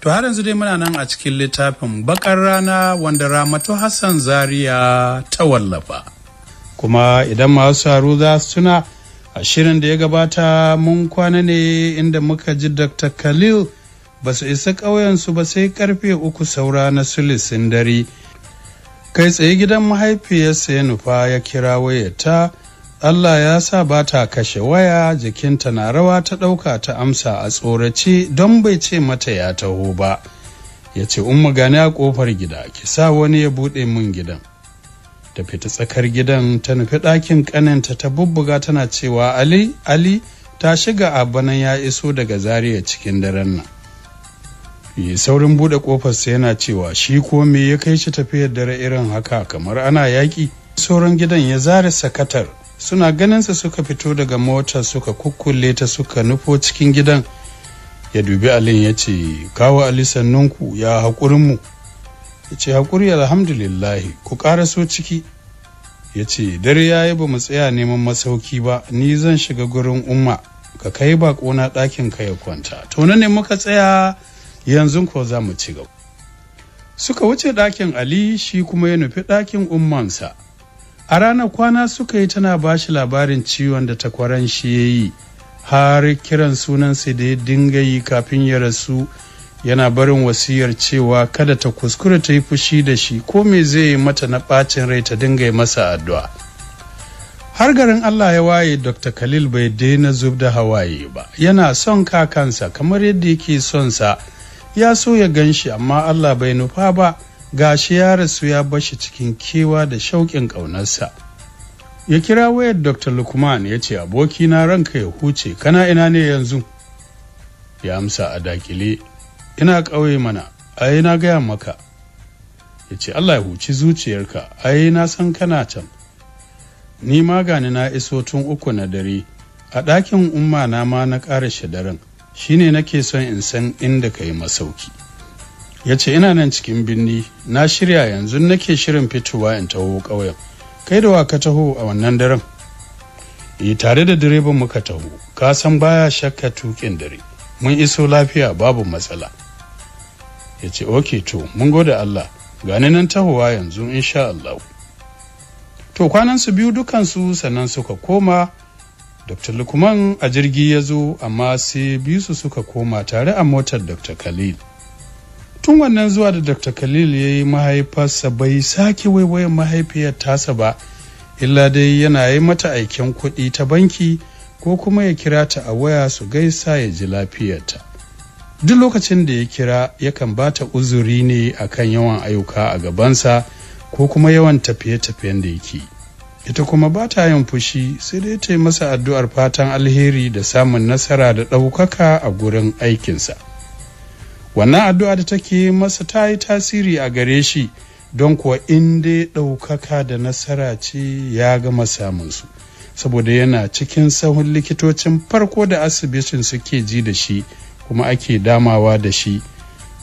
to har yanzu dai muna nan a cikin littafin bakar rana wanda ramatu hassan zaria ta wallafa kuma idan masu haru za su tuna a shirin da ya gabata mun kwana ne inda muka ji dr khalil ba su isa ƙauyensu ba sai karfe uku saura na sulisin dare kai tsaye gidan mahaifiyarsa ya nufa ya kira wayata ta Allah ya sa ba ta kashe waya jikinta na rawa ta ɗauka ta amsa a tsorace don bai ce mata ya taho ba ya ce umma gani a ƙofar gida ki sa wani ya buɗe min gidan ta fita tsakar gidan ta nufi ɗakin ƙaninta ta bubbuga tana cewa ali ali ta shiga banan ya iso daga zariya cikin daren nan yi saurin buɗe ƙofarsa yana cewa shi ko me ya kai shi tafiyar dare irin haka kamar ana yaƙi sauran gidan ya zare sakatar suna ganinsa suka fito daga mota suka kukkule ta suka nufo cikin gidan ya dubi alin ya ce kawo ali sannunku ya haƙurinmu ya ce haƙuri alhamdulillahi ku ƙaraso ciki ya ce dare ya yi ba mu tsaya neman masauki ba ni zan shiga gurin umma ka kai baƙona ɗakin ka ya kwanta to ne muka tsaya yanzu ko za mu ci gaba suka wuce ɗakin ali shi kuma ya nufi ɗakin ummansa a ranar kwana suka yi tana ba shi labarin ciwon da takwaran shi ya yi har kiran sunansa da ya dinga yi kafin ya rasu yana barin wasiyar cewa kada ta kuskura ta yi fushi da shi ko me zai yi mata na bacin rai ta dinga yi masa addu'a har garin allah ya waye dr khalil bai daina zub da hawaye ba yana son kakansa kamar yadda yake son sa ya so ya gan shi amma allah bai nufa ba gashi ya rasu ya bashi cikin kewa da shauƙin ƙaunarsa ya kira wayar dr lukman ya ce abokina ranka ya huce kana ina ne yanzu ya amsa a dakile ina ƙauye mana ai na gaya maka ya ce allah ya huci zuciyarka ai na san kana can ni magani na iso tun uku na dare a ɗakin umma na ma na ƙara shi shine nake son in san inda ka yi masauki ya ce ina nan cikin birni na shirya yanzu nake shirin fitowa in taho ƙauyen kai da wa ka taho a wannan daren e tare da direban muka taho ka san baya shakka tukin dare mun iso lafiya babu matsala ya ce oke to mun gode Allah gani nan tahowa yanzu insha Allah to kwanansu biyu dukansu sannan suka koma dr lukman a jirgi ya zo amma sai biyu su suka koma tare a motar dr khalil tun wannan zuwa da dr khalil ya yi mahaifarsa bai sake waiwayen mahaifiyar tasa ba illa dai yana yi mata aikin kuɗi ta banki ko kuma ya kira ta a waya su gaisa ya ji lafiyarta duk lokacin da ya kira yakan ba ta uzuri ne a kan yawan ayyuka a gabansa ko kuma yawan tafiye-tafiyen da yake ita kuma ba ta yin fushi sai dai ta yi masa addu'ar fatan alheri da samun nasara da ɗaukaka a gurin aikinsa wannan addu'a da take masa ta yi tasiri a gare shi don kuwa inda ɗaukaka da nasara ce ya gama samunsu saboda yana cikin sahun likitocin farko da asibitin suke ji da shi kuma ake damawa da shi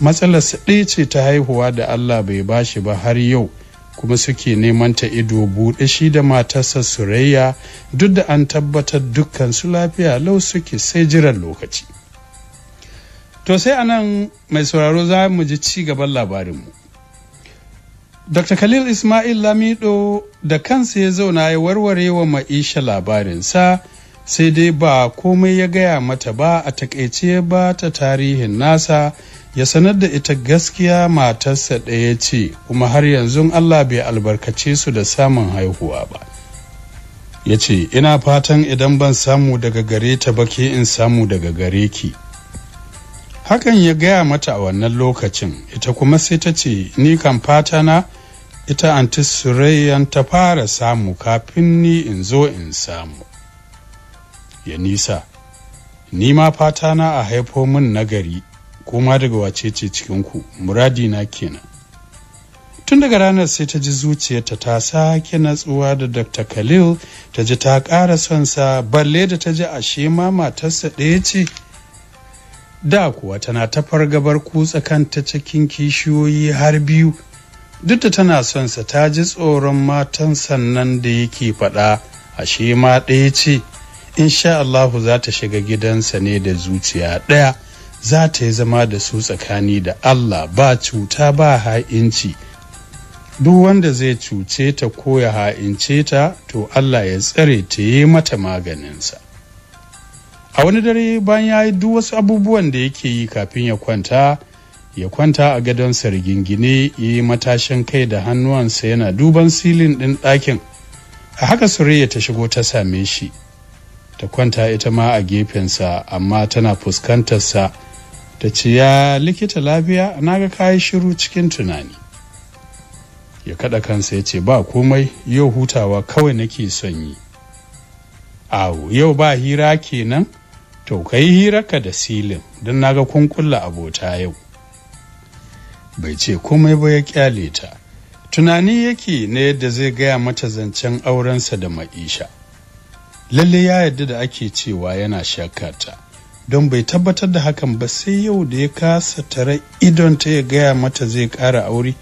matsalar ɗaya ce ta haihuwa da allah bai bashi ba har yau kuma suke neman ta ido buɗe shi da matarsa surayya duk da an tabbatar dukkan su lafiya lau suke sai jiran lokaci to sai anan mai sauraro za mu ji ci gaban labarinmu dr khalil ismail lamido da kansa ya zauna ya warware wa ma'isha labarinsa sai dai ba komai ya gaya mata ba a takaice ba ta tarihin nasa ya sanar da ita gaskiya matarsa ɗaya ce kuma har yanzu allah bai albarkace su da samun haihuwa ba ya ce ina fatan idan ban samu daga gare ta ba ke in samu daga gare ki hakan ya gaya mata a wannan lokacin ita kuma sai ta ce ni kan fata na ita anti ta fara samu kafin ni in zo in samu ya nisa ni ma fata na a haifo min nagari kuma daga wace ce cikinku muradi na kenan tun daga ranar sai ta ji zuciyarta ta sake natsuwa da dr khalil ta ji ta ƙara son sa balle da ta ji ashe ma matarsa ɗaya ce da kuwa tana ta fargabar kutsa kanta cikin kishiyoyi har biyu duk da tana son sa ta ji tsoron matan sannan da yake faɗa ashe ma ɗaya ce insha Allahu za ta shiga gidansa ne da zuciya ɗaya za ta yi zama da su tsakani da Allah ba cuta ba ha'inci duk wanda zai cuce ta ko ya ha'ince ta to Allah ya tsare ta yi mata maganinsa a wani dare bayan ya yi duk wasu abubuwan da yake yi kafin ya kwanta ya kwanta a gadon sargingine ya yi matashin kai da hannuwansa yana duban silin ɗin ɗakin a haka surayya ta shigo ta same shi ta kwanta ita ma a gefensa amma tana fuskantarsa ta ce ya likita lafiya na ga kayi shiru cikin tunani ya kaɗa kansa ya ce ba komai yau hutawa kawai nake son yi awo yau ba hira kenan to ka yi hirarka da silin don naga kun kulla abota yau bai ce komai ba ya kyale ta tunani yake na yadda zai gaya mata zancen aurensa da ma'isha lalle ya yadda da ake cewa yana shakata don bai tabbatar da hakan ba sai yau da ya kasa tare idon ta ya gaya mata zai ƙara aure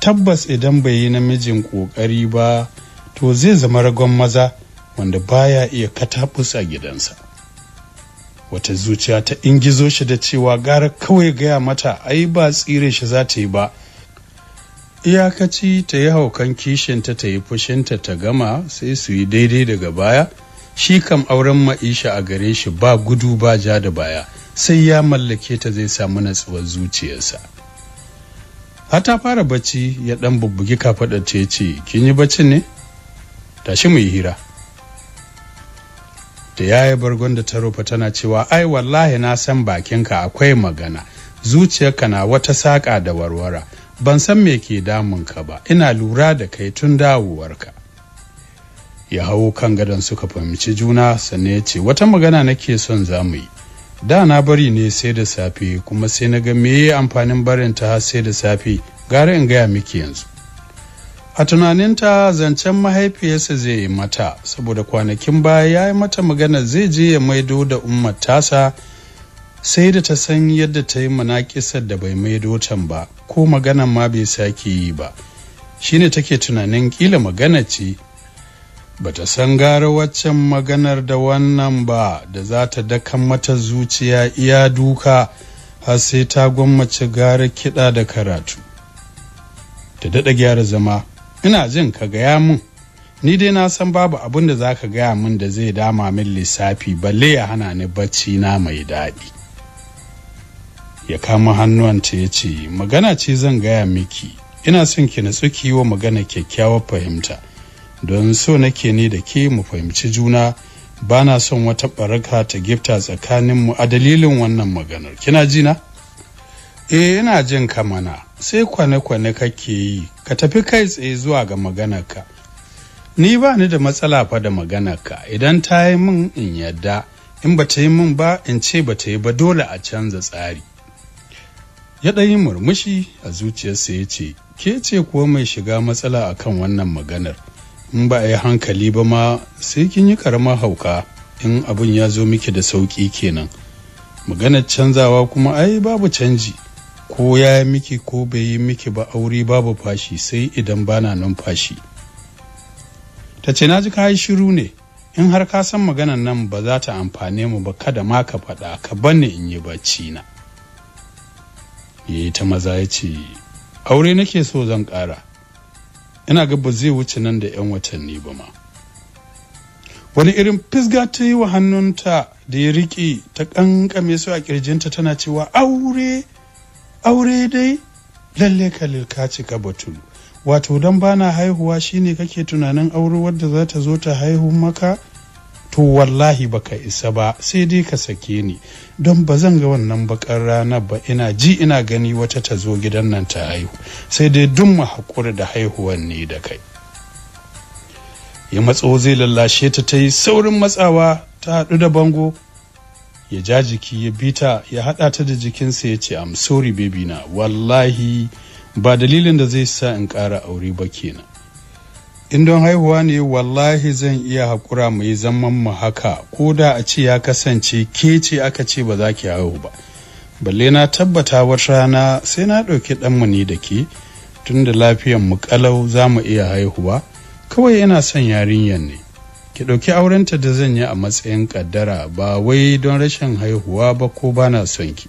tabbas idan bai yi namijin ƙoƙari ba to zai zama ragon maza wanda baya iya kataɓus a gidansa wata zuciya ta ingizo shi da cewa gara kawai gaya mata ai ba tsire shi za ta yi ba iyakaci ta yi haukan kishinta ta yi fushinta ta gama sai su yi daidai daga baya shi kam auren ma'isha a gare shi ba gudu ba ja da baya sai ya mallake ta zai samu natsuwar zuciyarsa har ta fara bacci ya dan bubbugi kafaɗar ce ce kin yi bacci ne tashi mu yi hira da ya yi bargon da ta rufe tana cewa ai wallahi na san bakinka akwai magana zuciyarka na wata saƙa da warwara ban san me ke damun ka ba ina lura da kai tun dawowarka ya hau kan gadon suka fahimci juna sannan ya ce wata magana nake son za mu yi da na bari ne sai da safe kuma sai na ga me amfanin barin ta sai da safe gara in gaya miki yanzu a tunaninta zancen mahaifiyarsa zai yi mata saboda kwanakin baya ya yi mata magana zai je ya maido da ummatasa, sai da ta san yadda ta yi munakisar da bai maido can ba ko magana ma bai sake yi ba Shi shine take tunanin kila magana ce Ba ta san gara waccan maganar da wannan ba da za ta daka mata zuciya iya duka har sai ta gwammace gara kiɗa da karatu ta daɗa gyara zama ina jin ka gaya mun ni dai na san babu abin da za ka gaya mun da zai dama min lissafi balle ya hana ni bacci na mai daɗi ya kama hannuwanta ya ce magana ce zan gaya miki ina son ki natsu ki wa magana kyakkyawar fahimta don so nake ni da ke mu fahimci juna bana son wata baraka ta gifta tsakaninmu a dalilin wannan maganar kina jina eh ina jin kamana sai kwane-kwane kake yi ka tafi kai tsaye zuwa ga maganarka ni ba ni da matsala fa da maganarka idan ta yi min in yadda in ba ta yi min ba in ce ba ta yi ba dole a canza tsari ya ɗan yi murmushi a zuciyarsa ya ce ke ce kuwa mai shiga matsala a kan wannan maganar in ba a yi hankali ba ma sai kin yi karamar hauka in abin ya zo miki da sauƙi kenan maganar canzawa kuma ai babu canji ko ya yi miki ko bai yi miki ba aure babu fashi sai idan bana numfashi ta ce na ji ka yi shiru ne in har ka san maganan nan ba za ta amfane mu ba kada ma ka faɗa ka bane in yi bacci na ta maza ya ce aure nake so zan ƙara ina ga ba zai wuce nan da 'yan watanni ba ma wani irin fisga ta yi wa hannunta da ya riƙe ta ƙanƙame su a ƙirjinta tana cewa aure aure dai lalle kalil ka cika batulu wato don bana haihuwa shine kake tunanin aure wadda za ta zo ta haihu maka to wallahi baka isa ba sai dai ka sake ni don ba zan ga wannan bakar rana ba ina ji ina gani wata ta zo gidan nan ta haihu sai dai duk ma haƙuri da haihuwan ne da kai ya matso zai lallashe ta ta yi saurin matsawa ta haɗu da bango ya ja jiki ya bita ya haɗa ta da jikinsa ya ce am sorry baby na wallahi ba dalilin da zai sa in ƙara aure ba kenan in don haihuwa ne wallahi zan iya haƙura mu yi zaman mu haka ko da a ce ya kasance ke ce aka ce ba za ki haihu ba balle na tabbata wata rana sai na ɗauki ɗanmu ne da ke tun da lafiyan mu kalau za mu iya haihuwa kawai yana son yarinyar ne ki ɗauki aurenta da zan yi a matsayin ƙaddara ba wai don rashin haihuwa ba ko bana son ki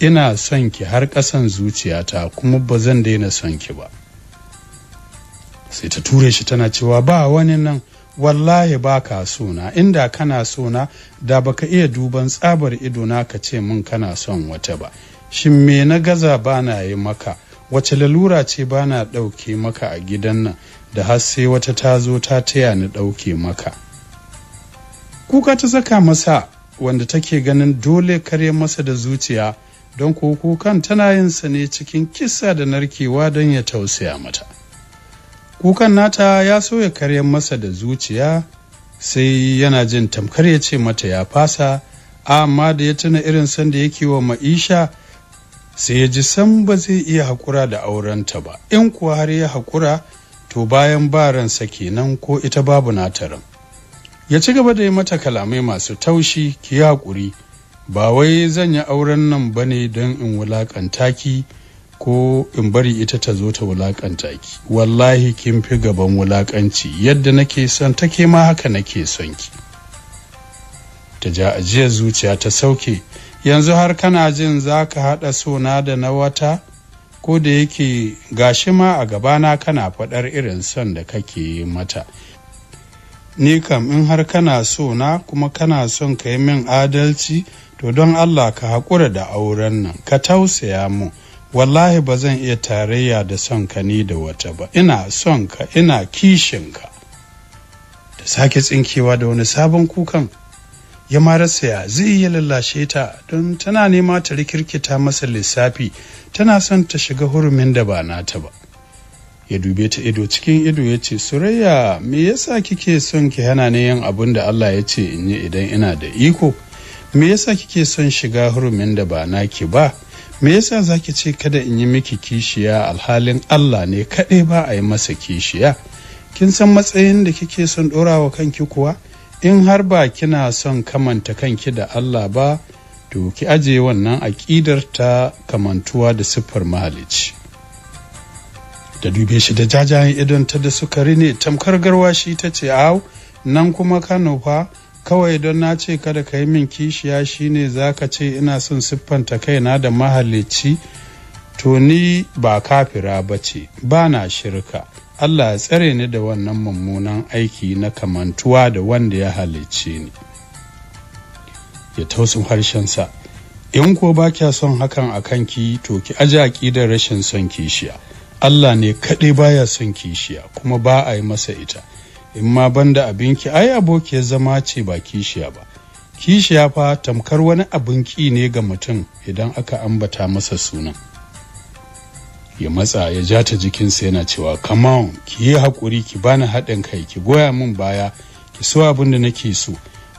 ina son ki har ƙasan zuciyata kuma ba zan daina son ki ba sai ta ture shi tana cewa ba wani nan wallahi ba ka sona inda kana sona da baka iya duban tsabar ido na ka ce min kana son wata ba shin me na gaza ba na yi maka wace lalura ce ba na ɗauke maka a gidan nan da har sai wata ta zo ta taya ni ɗauke maka kuka ta saka masa wanda take ganin dole kare masa da zuciya don ko kukan tana yin sa ne cikin kisa da narkewa don ya tausaya mata kukan nata ya so ya karya masa da zuciya sai yana jin tamkar ya ce mata ya fasa amma da ya tuna irin sanda yake wa ma'isha sai ya ji san ba zai iya haƙura da aurenta ba in kuwa har ya haƙura to bayan ba ransa kenan ko ita babu natarin ya ci gaba da yi mata kalamai masu taushi ki haƙuri ba wai zan yi auren nan ba ne don in wulaƙanta ki ko in bari ita ta zo ta wulaƙanta ki wallahi kin fi gaban wulaƙanci yadda nake son ta ke, ma haka nake son ki ta ja ajiyar zuciya ta sauke yanzu har kana jin za ka haɗa sona da na wata ko da yake gashi ma a gabana kana faɗar irin son da kake mata ni kam in har kana so na kuma kana son ka yi min adalci to don Allah ka haƙura da auren nan ka tausaya mu wallahi ba zan iya tarayya da son ka ni da wata ba ina son ka ina kishin ka da sake tsinkewa da wani sabon kukan ya marasa ya zai iya lallashe ta don tana nema ta rikirkita masa lissafi tana son ta shiga hurumin da ba nata ba ya dube ta ido cikin ido ya ce surayya me yasa kike son ki hana ni yin abun da allah ya ce in yi idan ina da iko me yasa kike son shiga hurumin da ba naki ba me yasa zaki ce kada in yi miki kishiya alhalin allah ne kaɗai ba a yi masa kishiya kin san matsayin da kike son ɗorawa kanki kuwa in har ba kina son kamanta kanki da allah ba to ki ajiye wannan aƙidar ta kamantuwa da siffar mahalici da dube shi da jajayen idon ta da suka ne tamkar garwashi ta ce au nan kuma kano fa kawai don na ce kada ka yi min kishiya shine za ka ce ina son siffanta kaina da mahalicci to ni ba kafira ba ce ba na shirka allah ya tsare ni da wannan mummunan aiki na kamantuwa da wanda ya halicce ni ya tausin harshensa in ko ba kya son hakan a kanki to ki aji aƙidar rashin son kishiya Allah ne kaɗai baya son kishiya kuma ba a yi masa ita in ma banda abinki ai abokiyar zama ce ba kishiya ba kishiya fa tamkar wani abin ki ne ga mutum idan aka ambata masa sunan ya matsa ya ja ta jikinsa yana cewa come ki yi haƙuri ki bani haɗin kai ki goya min baya ki so abin da nake so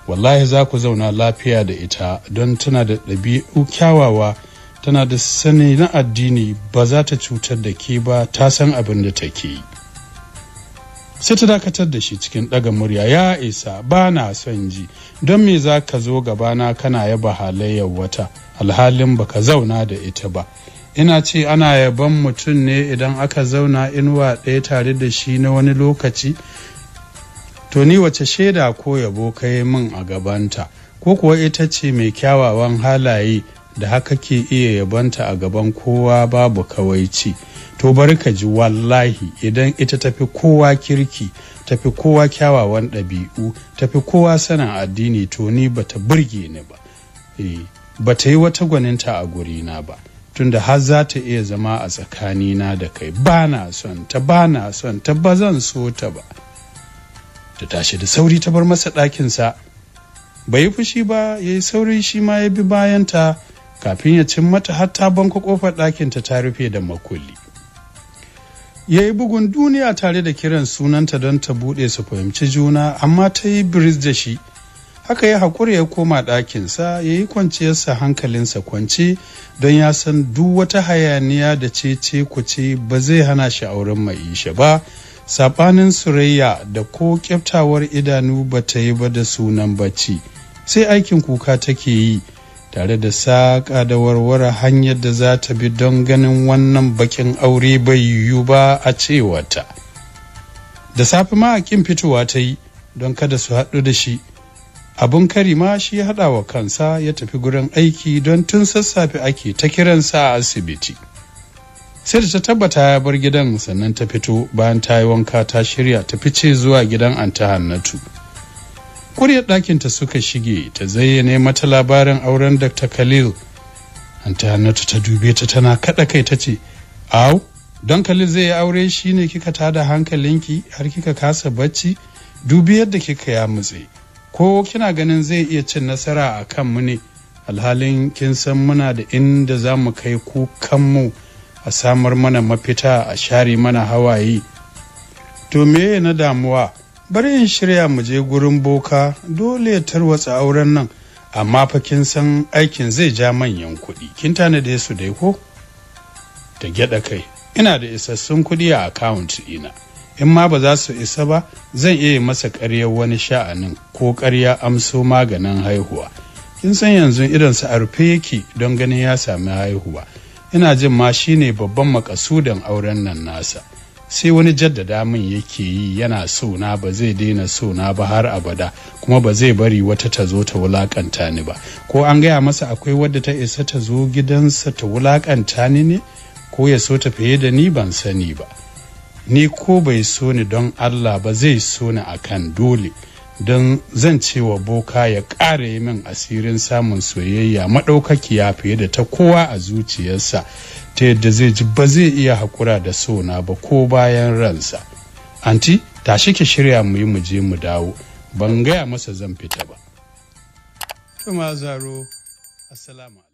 wallahi za ku zauna lafiya da ita don tana da ɗabi'u kyawawa tana da sani na addini ba za ta cutar da ke ba ta san abin da take yi sai ta dakatar da shi cikin ɗaga murya ya isa ba na son ji don me za ka zo gabana kana yaba halayyar wata alhalin ba ka zauna da ita ba ina ce ana yaban mutum ne idan aka zauna inuwa ɗaya tare da shi na wani lokaci to ni wace shaida ko yabo ka yi min a gabanta ko kuwa ita ce mai kyawawan halaye da haka ke iya yabanta a gaban kowa babu kawaici to bari ka ji wallahi idan ita tafi kowa kirki tafi kowa kyawawan ɗabi'u tafi kowa sanin addini to ni bata burge ni ba e, bata yi wata gwaninta a gurina ba tunda har za ta iya zama a tsakanina da kai ba na son ta ba na son ta ba zan so ta ba ta tashi da sauri ta bar masa ɗakinsa bai yi fushi ba ya yi sauri shi ma ya bi bayanta kafin ya cin mata hatta banko kofar ɗakinta ta rufe da makulli ya yi bugun duniya tare da kiran sunanta don ta buɗe su fahimci juna amma ta yi biris da shi haka ya haƙura ya koma ɗakinsa ya yi kwanciyarsa hankalinsa kwance don ya san duk wata hayaniya da ce ce kuce ba zai hana shi auren mai ma'isha ba saɓanin surayya da ko kyaftawar idanu ba ta yi ba da sunan bacci sai aikin kuka take yi tare da saƙa da warware hanyar da za ta bi don ganin wannan bakin aure bai yiwu ba a cewata da safi ma a kin fitowa ta yi don kada su haɗu da shi abun kari ma shi haɗa wa kansa ya tafi gurin aiki don tun sassafe ake ta kiransa a asibiti sai da ta tabbata ya bar gidan sannan ta fito bayan ta yi wanka ta shirya ta fice zuwa gidan anta hannatu kuryar ɗakinta suka shige ta zayyane mata labarin auren dr khalil anta hannatu ta dube ta tana kaɗa kai ta ce au don khalil zai aure shi ne kika tada hankalinki har kika kasa bacci dubi yadda kika ya mutse ko kina ganin zai iya cin nasara a kan mu ne alhalin kin san muna da inda za mu kai kukanmu a samar mana mafita a share mana hawaye to me na damuwa bari in shirya mu je gurin boka dole ya tarwatsa auren nan amma fa kin san aikin zai ja manyan kuɗi kin da su dai ko ta gyaɗa kai ina da isassun kuɗi a akawunt ina. in ma ba za su isa ba zan iya yi masa ƙaryar wani sha'anin ko karya amso maganin haihuwa kin san yanzu idan a rufe yake don ganin ya sami haihuwa ina jin ma shine babban makasudan auren nan nasa sai wani jaddada min yake yi yana so na ba zai daina so na ba har abada kuma ba zai bari wata ta zo ta wulakanta ni ba ko an gaya masa akwai wadda ta isa ta zo gidansa ta wulakanta ni ne ko ya so ta fiye da ni ban sani ba ni ko bai so ni don Allah ba zai so ni a kan dole don zan ce wa boka ya ƙara yi min asirin samun soyayya maɗaukakiya fiye da ta kowa a zuciyarsa ta yadda zai ji ba zai iya haƙura da sona ba ko bayan ransa anti tashi ke shirya mu yi mu je mu dawo ban gaya masa zan fita ba. Tuma zaro, Assalamu